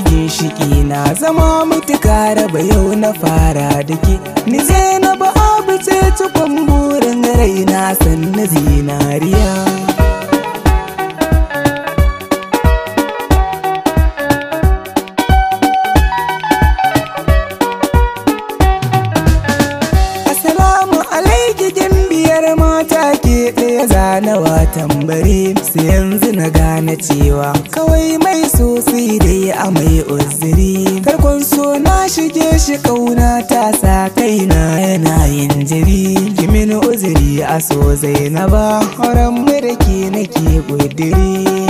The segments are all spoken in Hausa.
ginshiki na zama mutuka raba yau na fara dake ni ba abu ce cikon burin raina na zinariya nawa tambari sai yanzu na gane cewa kawai mai sosai dai amma shige shi kauna ta sa kaina yana yin jiri kimin uzuri a so zainaba horon mirki nake ƙudiri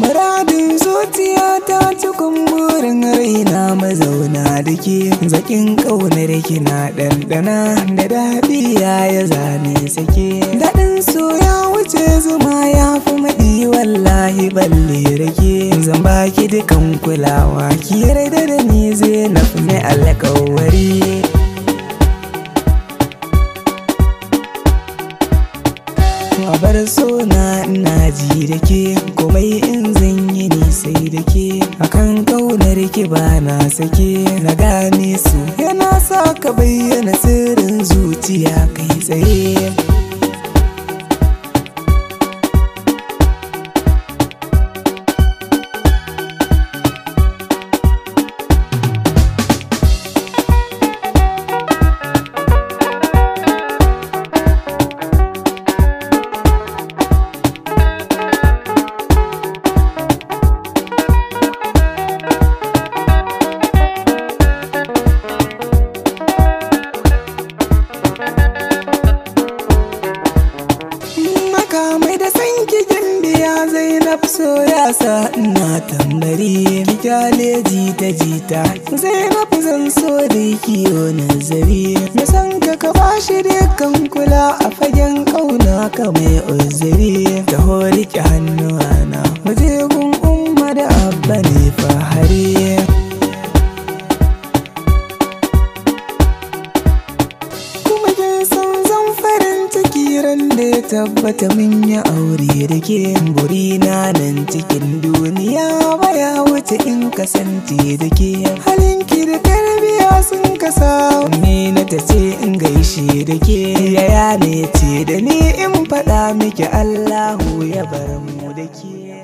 Muradin zuciya ta ci burin raina mazauna da ke zakin ƙaunar kina ɗanɗana da daɗi ya ya zane sake daɗin so ya wuce zuma ya fi maɗi walla wallahi balle rage zan baki dukan kulawa ki yarda da ni zainab ne alƙawari bar sona ina ji da ke komai in zan yi ni sai da ke akan kaunar ki ba na sake na gane su yana sa ka bayyana sirrin zuciya kai tsaye ya so ya sa ina tambari ta jita jita zainab zan so da kiyo zari. na san ka ka bashi kan kula a fagen kauna ka mai uzuri ran ya tabbata min ya aure da ke burina nan cikin duniya ba ya wuce in kasance da ke halinki da tarbiya sun kasa Amina ta ce in gaishe da ke yaya ne ce da ni in faɗa miki Allahu ya bar mu da ke